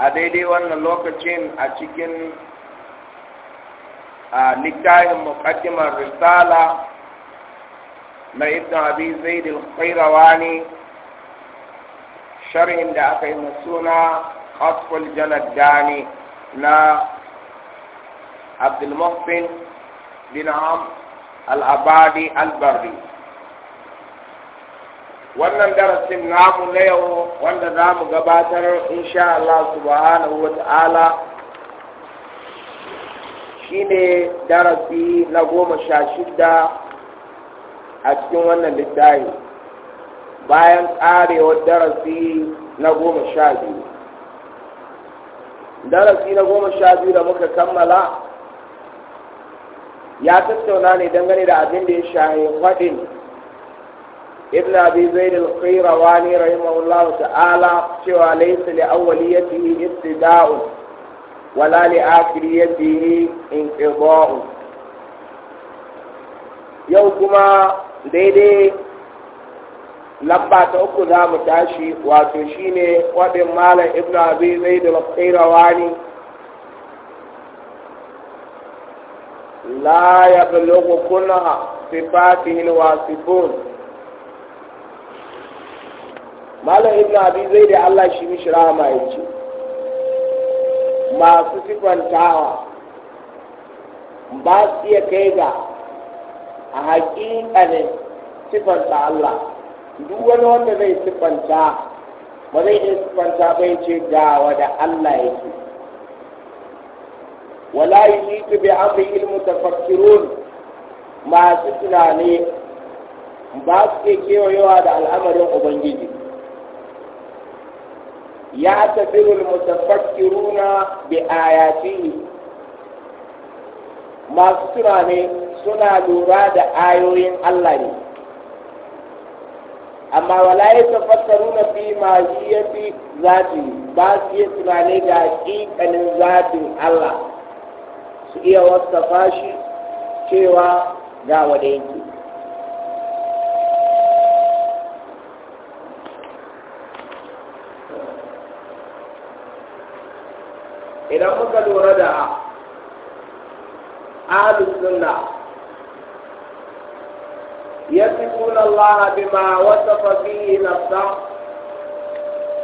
a daidai wannan lokacin a cikin a littafin muqaddimar risala na ibn abi zaid al-qayrawani sharhin da aka yi suna qasful janaddani na abdul muhsin bin am al-abadi al-barri wannan darasin namu na yau wanda za mu gabatar insha Allah subhanahu wa ta'ala shi ne darasi na goma sha shida a cikin wannan littafi bayan ƙarewar darasi na goma sha biyu darasi na goma sha biyu da muka kammala ya tattauna ne dangane da abin da ya shahi faɗin ابن أبي زيد القيرواني رحمه الله تعالى شو ليس لأوليته ابتداء ولا لآخريته انقضاء يوم ديدي لبا تأكو ذا متاشي واتوشيني وابن مال ابن أبي زيد الخير واني لا يبلغ كنها صفاته الواصفون malam ibn abi zai da Allah shi mishi rahama ya ce masu sifantawa ba su iya kai ga a haƙiƙanin sifanta Allah duk wani wanda zai sifanta ba zai iya ba bai ce ga wada Allah ya ce. wala yi yusitu bi amri ilmu tafakkirun masu tunani ba su ke kewayewa da al'amarin ubangiji ya tafirul mutafakkiruna bi ayatihi masu tunani suna lura da ayoyin Allah ne amma wala ya tafakkaruna fi ma fi zafi ba su yi tunane da ƙiƙanin zafin Allah su iya wasafa shi cewa ga wadanki? idan muka lura da ahlus sunna yasifuna Allah bima wasafa bihi nafsa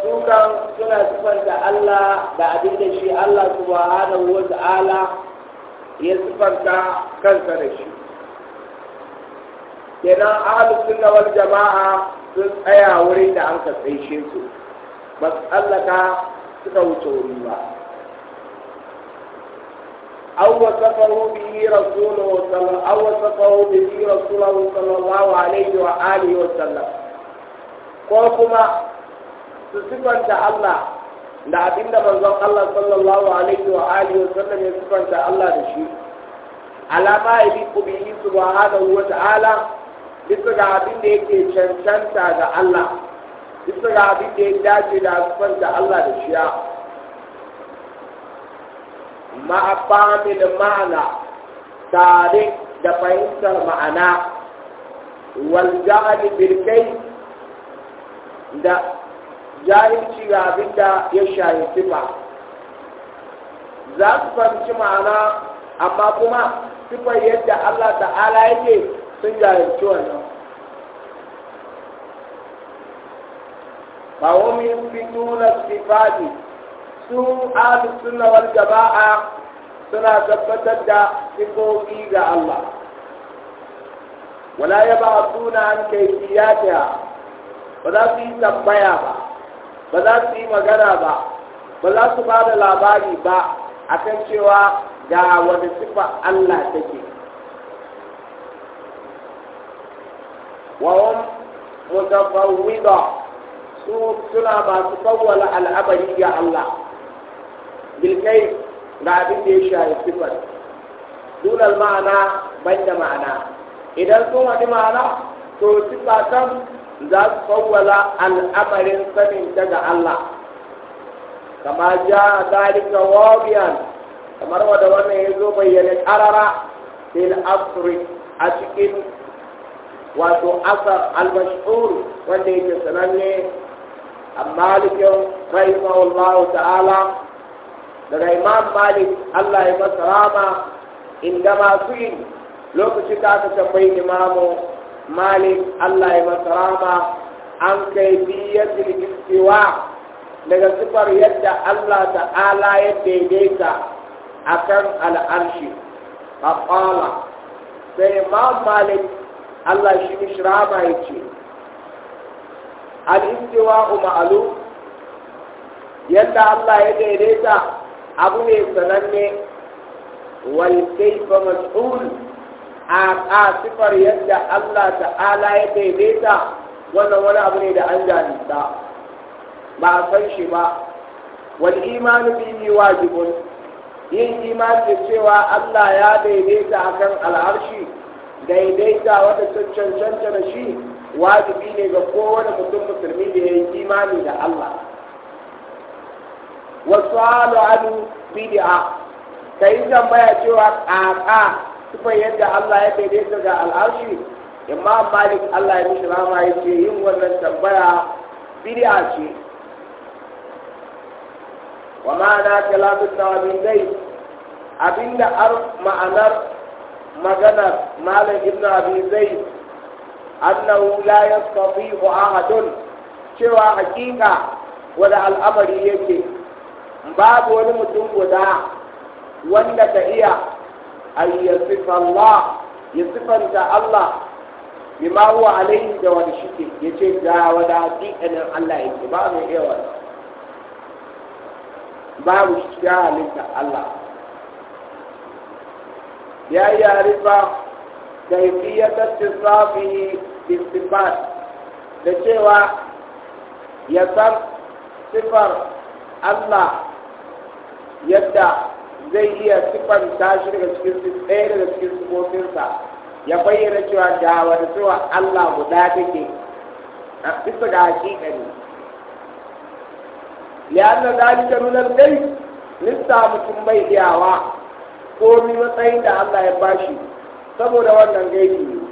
su sukan suna sifanta Allah da abin da shi Allah subhanahu wa ta'ala ya sifanta kansa da shi kenan ahlus sunna jama'a sun tsaya wurin da an ka su ba su tsallaka suka wuce wuri ba أو وصفه به رسوله صلى أو وصفه به رسوله صلى الله عليه وآله وسلم كوكما تصفن الله da abin da manzon Allah sallallahu alaihi wa alihi wasallam ya sifanta Allah da shi alama ya bi ku wa ta'ala bisa ga abin da yake cancanta ga Allah bisa ga abin da ya dace da sifanta Allah da shi ma'afamin ma'ana tare da fahimtar ma'ana waljahali birkai da jahilci ga abin da ya shayi sifa za su fahimci ma'ana amma kuma sifar yadda Allah ta'ala yake sun jahilci wannan ba wani fito na sifati su ahlus sunna wal jama'a suna tabbatar da sifofi ga Allah wala ya ba suna an kai fiyata ba za su yi tambaya ba ba za su yi magana ba ba za su ba da labari ba akan cewa ga wani sifa Allah take wa hum mutafawwida su suna masu kawwala al'amari ga Allah bilkai ga abin da ya shafi sifar dunar ma'ana ban da ma'ana idan sun haɗi ma'ana to sifa kan za su fawwala al'amarin sanin daga Allah kama ja zalika wabiyan kamar wanda wannan ya zo bayyana karara fil asri a cikin wato asar al-mashhur wanda yake sananne amma likin rahimahullahu ta'ala daga imam malik Allah ya masa rama inda masu yi lokaci ta ta tambayi imamu malik Allah ya masa rama an kai biyatul cewa daga sifar yadda Allah ta'ala ya daidaita akan al'arshi kwala sai imam malik Allah shi mishrama yace al-istiwa umaru yadda Allah ya daidaita abu ne sananne wal kaifa mas'ul a sifar yadda Allah ta'ala ya daidaita wannan wani abu ne da an jahilta ba a san shi ba wal imanu bihi wajibun yin imani cewa Allah ya daidaita akan al'arshi daidaita wata cancanta da shi wajibi ne ga kowane mutum musulmi da ya yi imani da Allah wasu halu bidi'a bid'a ka yi tambaya cewa tsaka kuma yadda Allah ya daidaita ga al'arshi imam malik Allah ya mishi rama ya ce yin wannan tambaya bid'a ce wa ma'ana kalamun tawabin dai abinda ar ma'anar maganar malam ibn abi zai annahu la yastati'u ahadun cewa hakika wala al'amari yake babu wani mutum guda wanda ka iya ay yasifa Allah ya sifanta Allah bima huwa alaihi da wani shike ya ce ga wani hakikanin Allah yake ba mai iya wani babu shi halitta Allah ya yi arifa da hifiyatar tisafi istibat da cewa ya san sifar Allah yadda zai iya siffanta shi daga cikin ɗaya daga cikin sifofinsa ya bayyana cewa da wani cewa Allah guda take a bisa ga hakika ne liyanna ta nuna gai lissa mutum bai iyawa Ko mi matsayin da Allah ya bashi saboda wannan gaibi ne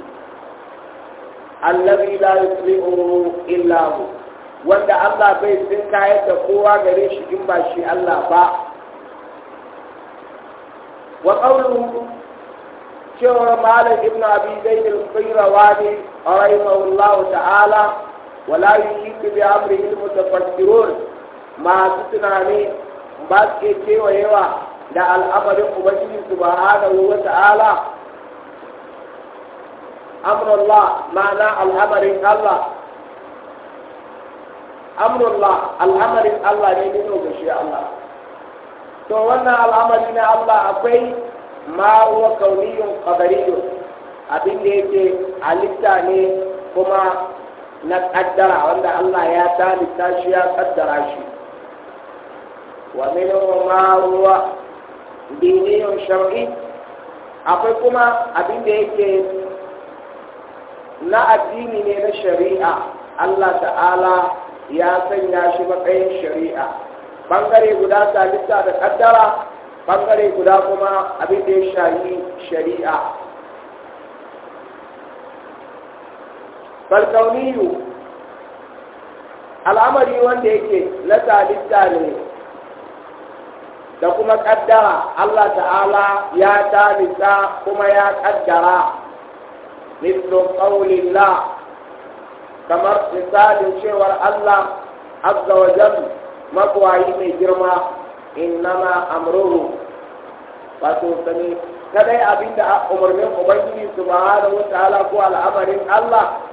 allazi la yusri'u illa hu wanda Allah bai tsinka yadda kowa gare shi in ba shi Allah ba wa qawluhu cewa malam ibn abi zaid al-qayrawani rahimahullahu ta'ala wala yushriku bi amri al-mutafakkirun masu tunani ba su ke kewayewa da al'amarin ubangiji subhanahu wa ta'ala amrullah ma'ana al'amarin Allah al'amarin Allah ne ne ga shi Allah to wannan al'amari na Allah akwai ma huwa kauniyun qadariyun abin da yake halitta ne kuma na kaddara wanda Allah ya talita shi ya kaddara shi wa minhu ma huwa diniyun shar'i akwai kuma abin da yake na addini ne na shari'a Allah ta'ala ya sanya shi matsayin shari'a bangare guda talita da kaddara bangare guda kuma abin da ya shahi shari'a falkauniyu al'amari wanda yake na talista ne da kuma ƙaddara Allah ta'ala ya talista kuma ya kaddara mislu qawlillah kamar misalin cewar Allah azza wa jalla mai girma innama amruhu wato sani kadai abin da umarnin ubangiji subhanahu wataala ko al'amarin Allah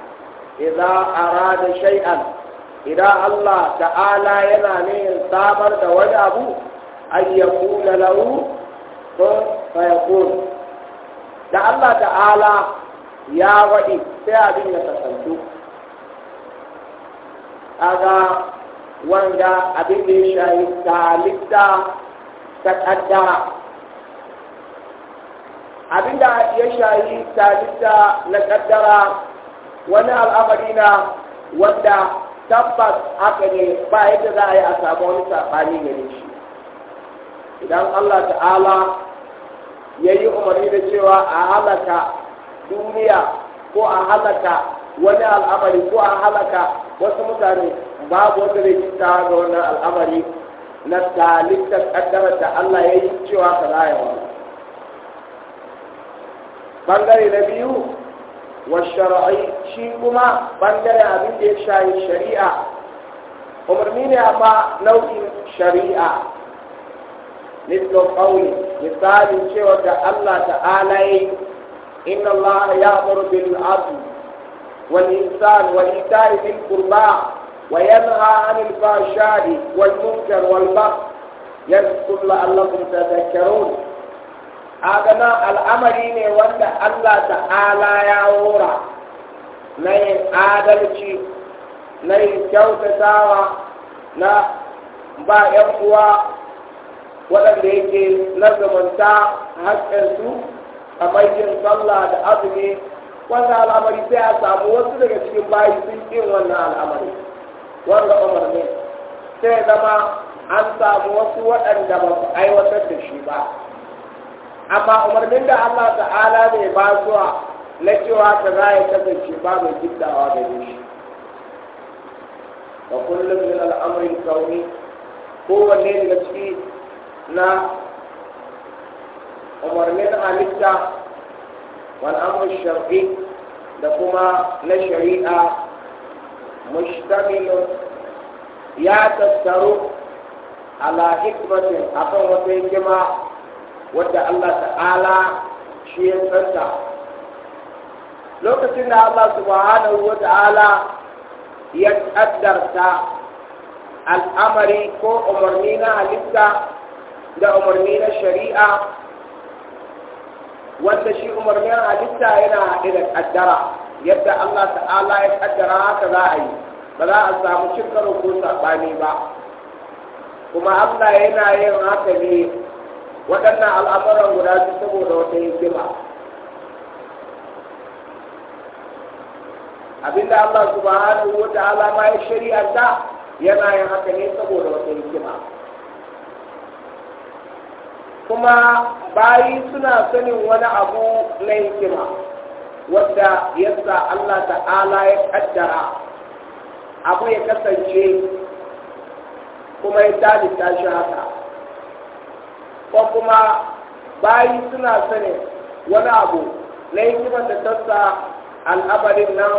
idza arada shay'an idan Allah ta'ala yana ne sabar da wani abu an yaqula lahu kun fayakun da Allah ta'ala ya waɗi sai abin ya kasantu aga wanda abin da ya shayi talibta ta ƙaddara abin da ya shayi talibta na ƙaddara wani al'amari na wanda tabbas haka ne ba yadda za a yi a samu wani saɓani gare shi idan allah ta'ala ya yi umarni da cewa a halaka duniya ko a halaka wani al'amari ko a halaka wasu mutane babu da zai cuta ga wannan al'amari na talibta kaddarar da Allah ya yi cewa ka raya bangare na biyu wa shara'i shi kuma bangare abin da ya shayi shari'a umarni ne amma nau'in shari'a mislo qawli misalin cewa da Allah ta'ala yi inna Allah ya bil 'adli والإنسان والإيتاء بالقرباء وينهى عن الفحشاء والمنكر والبغي يذكر لعلكم تذكرون أغنى الأمرين وأن الله تعالى يا ورا ني آدمتي ني كوكا ساوى نا با يقوى ولم يجي نظم انتا حتى انتو أما يجي نصلى لأبني wannan al'amari sai a samu wasu daga cikin bayi sun yin wannan al'amari wanda umar ne sai zama an samu wasu waɗanda ba su aiwatar da shi ba amma umarnin da Allah ta'ala ne ba zuwa na cewa ta za ya kasance ba mai gidawa da shi ba kullum min al'amarin kauni kowanne daga ciki na umarnin halitta والأمر الشرعي لكما للشريعة مشتمل يا تستر على حكمة أقوى كما ودى الله تعالى شيء فتا لوكتن الله سبحانه وتعالى يتقدر تا الأمر كو أمرنينا halitta لأمرنينا الشريعة wanda shi umarnin halitta yana haɗe da ƙaddara, yadda Allah ta'ala ya ƙaddara haka za a yi ba za a samu cin karo ko saɓani ba kuma Allah yana yin haka ne waɗannan al'amuran guda su saboda wata hikima abinda Allah subhanahu wa ta'ala ma ya shari'a da yana yin haka ne saboda wata hikima kuma bayi suna sanin wani abu na hikima wanda yasa Allah ta'ala ya kaddara abu ya kasance kuma ya dalita shi haka ko kuma bayi suna sanin wani abu na hikima da tassa al'amarin nan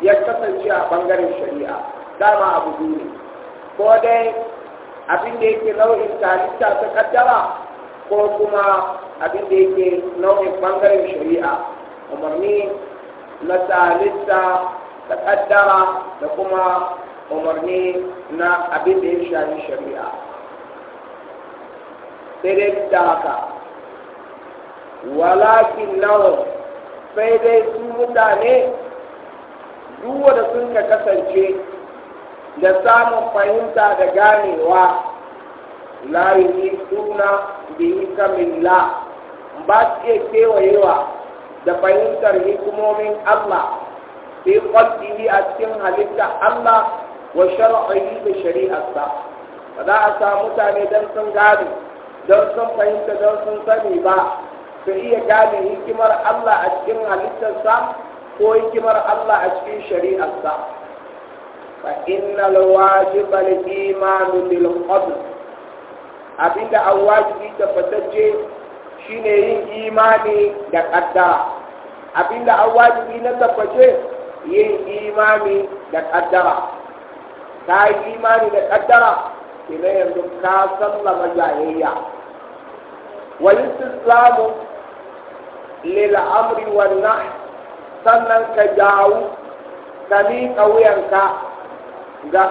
ya kasance a bangaren shari'a dama abu biyu ne ko dai abin da yake nau'in tarihi ta kaddara ko kuma abin da yake nau'in bangaren shari'a umarni na salista da kaddara da kuma umarni na abin da ya shari shari'a sai dai da haka walakin lawan sai dai su mutane duk da sun ka kasance da samun fahimta da ganewa la yuhiduna bi hikmillah ba su iya kewayewa da fahimtar hikimomin Allah fi qalbihi a cikin halitta Allah wa shar'ihi da shari'arsa ba za a sa mutane don sun gane don sun fahimta don sun sani ba su iya gane hikimar Allah a cikin halittarsa ko hikimar Allah a cikin shari'arsa fa innal wajiba al-imanu bil qadr abinda an wajibi tabbatacce shine yin imani da ƙadda abinda an wajibi na tabbace yin imani da ƙaddara. ka yi imani da kaddara kina yanzu ka sallama jayayya Wani istislamu lil amri sannan ka jawo ka miƙa wuyanka ga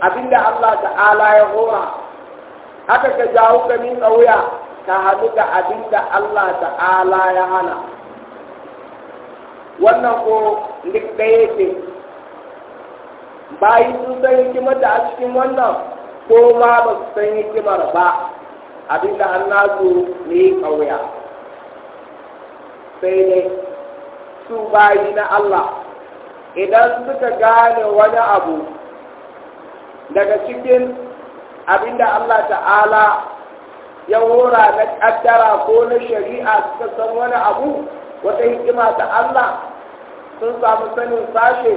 abinda Allah ta'ala ya hora haka ka jawo ka miƙa wuya ka haɗu da abin da Allah ta'ala ya hana wannan ko duk ɗaya ce bayi sun san hikimar da a cikin wannan ko ma ba su san hikimar ba abin da an nasu ne ƙauya sai dai su bayi na Allah idan suka gane wani abu daga cikin abinda Allah ta'ala ya hora na kaddara ko na shari'a suka san wani abu wata hikima ta Allah sun samu sanin sashe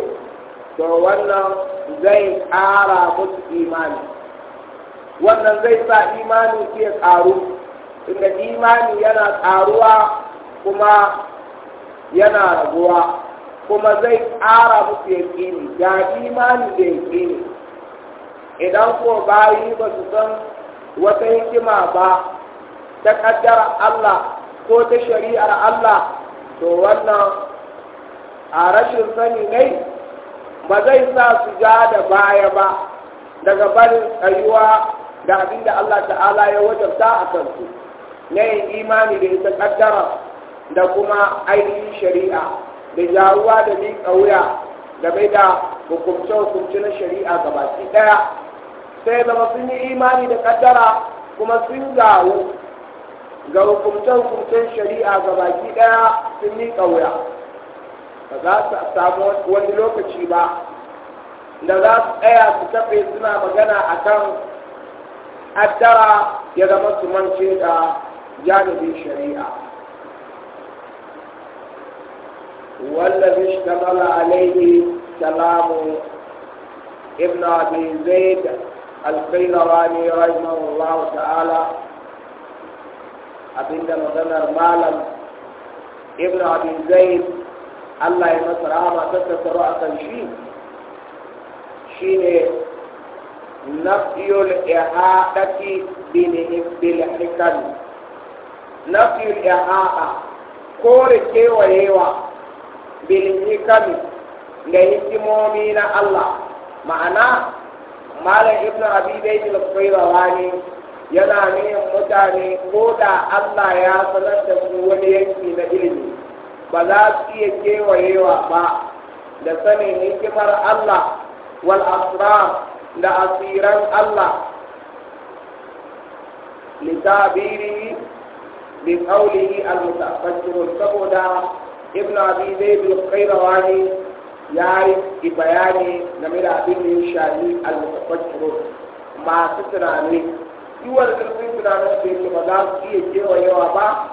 to wannan zai ƙara musu imani wannan zai sa imani ke ƙaru inda imani yana ƙaruwa kuma yana raguwa kuma zai ƙara musu yaƙini ga imani da yaƙini idan ko bayi ba su san wata hikima ba ta kaddar Allah ko ta shari'ar Allah to wannan a rashin sani ne ba zai sa su ja da baya ba daga barin tsayuwa da abin da Allah ta'ala ya wajabta a kansu na yin imani da ita kaddara da kuma ainihin shari'a da jaruwa da miƙa wuya game da hukumce-hukumce na shari'a gabaki ɗaya sai zama sun yi imani da kaddara kuma sun gawo ga hukumtar hukumcen shari'a ga baki ɗaya sun yi ƙauya ba za su samu wani lokaci ba da za su tsaya su tafe suna magana a kan addara ya zama su mance da janibin shari'a wallafi shi ta mala alaihi salamu ibn abi zaid القيلواني رحمه الله تعالى أبن مغنر مالم ابن أبي زيد الله يمسر آبا تتسرع تنشي شيني نفي الإعاقة بنهم بالحكم نفي الإعاقة كوري كيوة يوة بالحكم لهم مؤمنين الله معناه malam ibn abi zaid al wani yana niyan mutane ko da Allah ya sanar da su wani yanki na ilimi ba za su iya kewayewa ba da sanin hikimar Allah wal asra da asiran Allah litabiri bi qawlihi al saboda ibn abi zaid al wani. ya yi bayani game da abin da ya al-mutafakkiru masu tunani yiwuwar karfin tunanin da yake ba za su iya yawa ba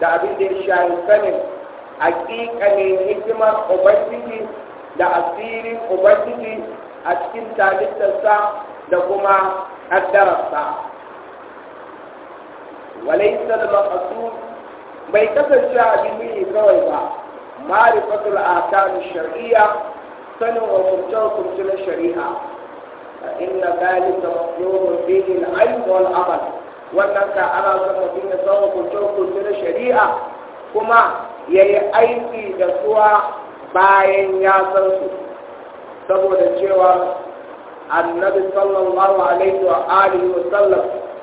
da abin da ya shafi sanin ne hikimar ubangiji da asirin ubangiji a cikin talittarsa da kuma kaddararsa walaisa da makasu bai kasance abin ne kawai ba ma'rifatul ahkam shar'iyya sanin hukunce hukunce na shari'a inna dhalika maqlubun bihi al-ilm wal amal wannan ka ana son mutum ya san hukunce na shari'a kuma ya yi aiki da suwa bayan ya san su saboda cewa annabi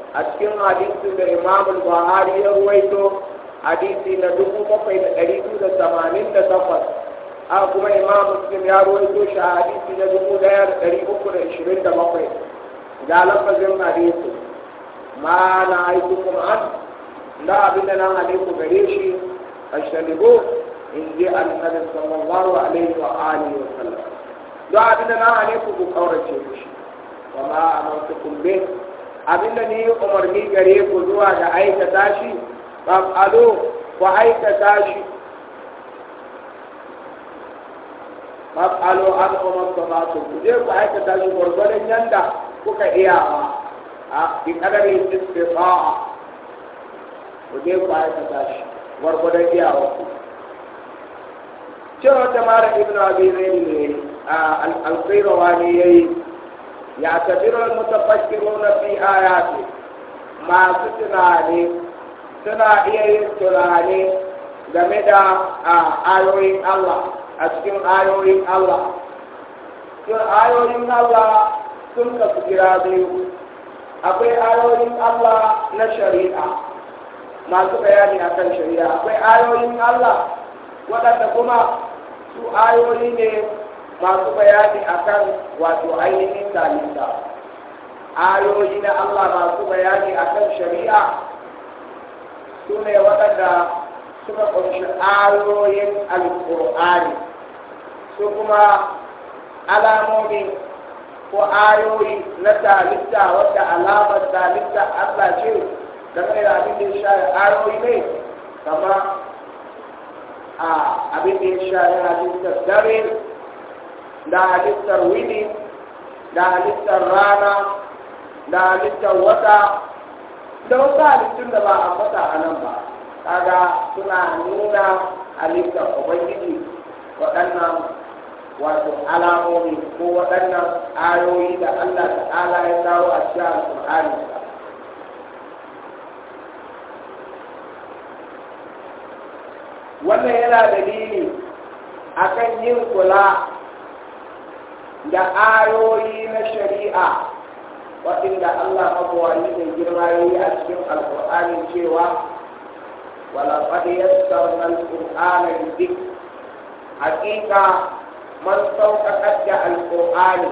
a cikin hadisin da imam buhari ya ruwaito hadisi na dubu bakwai da ɗari biyu da tamanin da takwas a kuma imam muslim ya rawaito shi a hadisi na dubu ɗaya da ɗari uku da ishirin da bakwai ga lafazin hadisi ma na aiki kuma an da abin da nan hadisu gare shi a shalibu in ji annabi sallallahu alaihi wa alihi wa sallam don abin da nan hadisu ku kaurace mishi wa ma amartukum bih abin da ni umarni gare ku zuwa ga aikata shi fa'alu ku aikata shi da masu ku je ku aikata shi gwargwadon yanda kuka iyawa a bi kadarin istifa'a ku je ku aikata shi gwargwadon iyawa ku ta mara ibn abi zaini ne al-qairawa ne yayi ya tabiru al-mutafakkiru na fi ayati masu tunani suna iya yin tunani game da ayoyin Allah a cikin ayoyin Allah cikin ayoyin Allah sun kasu gira biyu akwai ayoyin Allah na shari'a masu bayani a kan shari'a akwai ayoyin Allah waɗanda kuma su ayoyi ne masu bayani a kan wato ainihin zalunta ayoyi na Allah masu bayani a kan shari'a sune waɗanda suka ƙunshi ayoyin alƙur'ani su kuma alamomi ko ayoyi na talitta wadda alamar talitta Allah ce game da abin da ya share ayoyi ne kama a abin da ya share halittar dare da halittar wini da halittar rana da halittar wata da wasu halittun da ba a fata a nan ba kaga suna nuna halittar ubangiji waɗannan wato alamomi ko waɗannan ayoyi da allah ta'ala ya kawo a cikin alƙur'ani wannan yana dalili akan yin kula da ayoyi na shari'a waɗanda Allah mabuwani mai girma ya yi a cikin alƙur'ani cewa walaƙad yassarna alƙur'ana lidik haƙiƙa man sauƙaƙar da alƙur'ani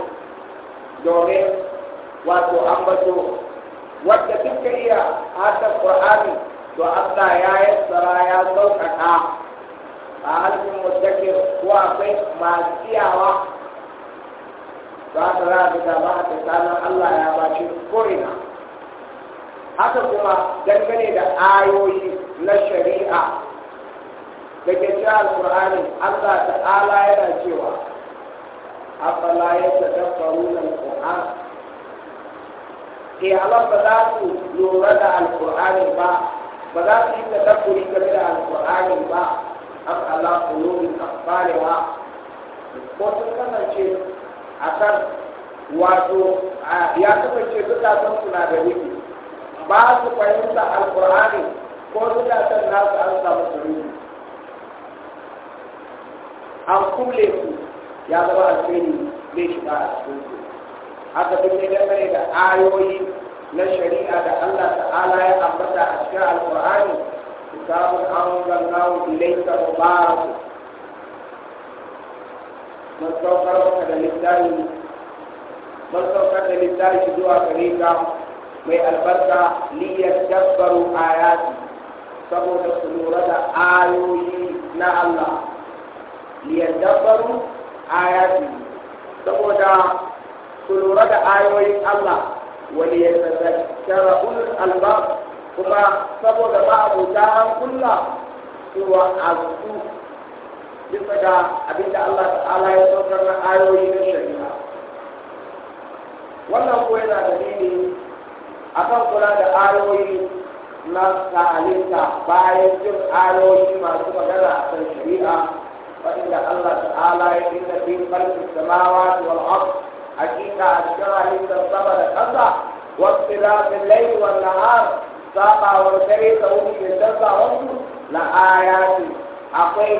domin wato ambato wadda duka iya hatar ƙur'ani to Allah ya yi tsara ya sauƙaƙa a halin muddakir ko akwai masu iyawa ba ta za a ga ba a tsakanin Allah ya bace ko'ina haka kuma dangane da ayoyi na shari'a da ke ci alƙur'ani Allah ala yana cewa afala ya tadabbaru na alƙur'an ke eh, Allah ba za su lura da alƙur'ani ba ba za su yi tadabburi game da alƙur'ani ba afala qulubin aqfalha ko sun kasance akan wato ya kasance zukatan suna da wiki. ba su fahimta alkur'ani ko na su an samu surutu an kulle su ya zama ne shi shiga a cikin su haka duk ne mai da ayoyi na shari'a da Allah ta'ala ya ambata a cikin alkur'ani kitabun an gangawo wa ba su. mun saukar da littafi zuwa gare ka mai albarka liyar dabbaru ayati saboda su lura da ayoyi Allah wani ya kuma saboda bisa ga abinda Allah ta'ala ya saukar na ayoyi na shari'a wannan ko yana dalili akan kula da ayoyi na sa'alinta bayan jin ayoyi masu magana a kan shari'a waɗanda Allah ta'ala ya inna fi khalqi samawati wal da wal'ab a cikin halittar sama da ƙasa wasu lafin laifin wal har sabawar dare da wuce da canza wasu na ayati akwai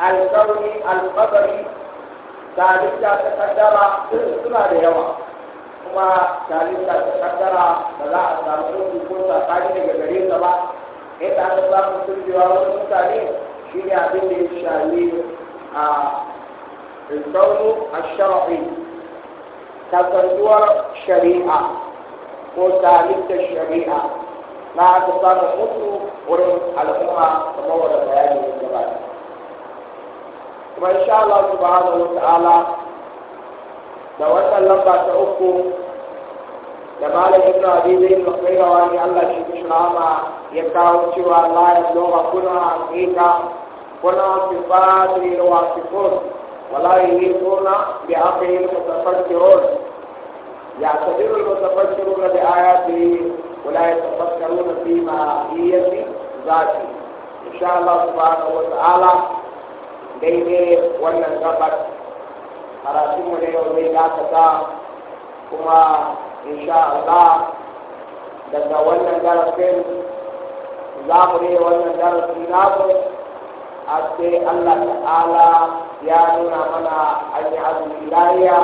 alkauni alkabari talibta ta kaddara suna da yawa kuma talibta ta kaddara ba za a samu rufi ko tsakani daga gare ta ba yadda aka samu turjewa wani mutane shi ne abin da ya shayi a alkauni a shara'i kasantuwar shari'a ko talibta shari'a na aka samu mutu wurin al'umma kamar wadda bayani ya gabata kuma insha Allah subhanahu wa ta'ala da wannan lamba ta uku da malam ibn abi zain makaira wa ni Allah shi shirama ya kawo cewa Allah ya dora kuna aika kuna fi fadri wa fi kun wala yi kuna bi aqil mutafakkirun ya sabiru mutafakkirun bi ayati wala yatafakkaruna fi ma hiya fi zati insha Allah subhanahu wa ta'ala daidai wannan gabas karatunmu ne yau zai dakata kuma insha Allah daga wannan darasin za mu ne wannan darasi namu a sai Allah ta'ala ya nuna mana an yi azumi lahiya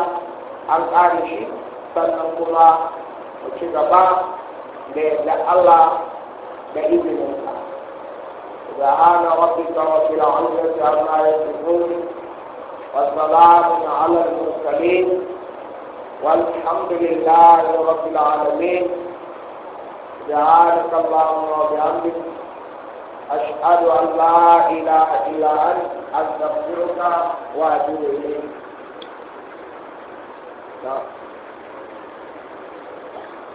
an ƙare shi sannan kuma mu ci gaba da yadda Allah da izininsa سبحان ربك رب العزة عما يصفون والسلام على المرسلين والحمد لله رب العالمين سبحانك اللهم وبحمدك أشهد أن لا إله إلا أنت أستغفرك وأتوب إليك نعم.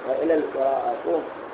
إلى القراءة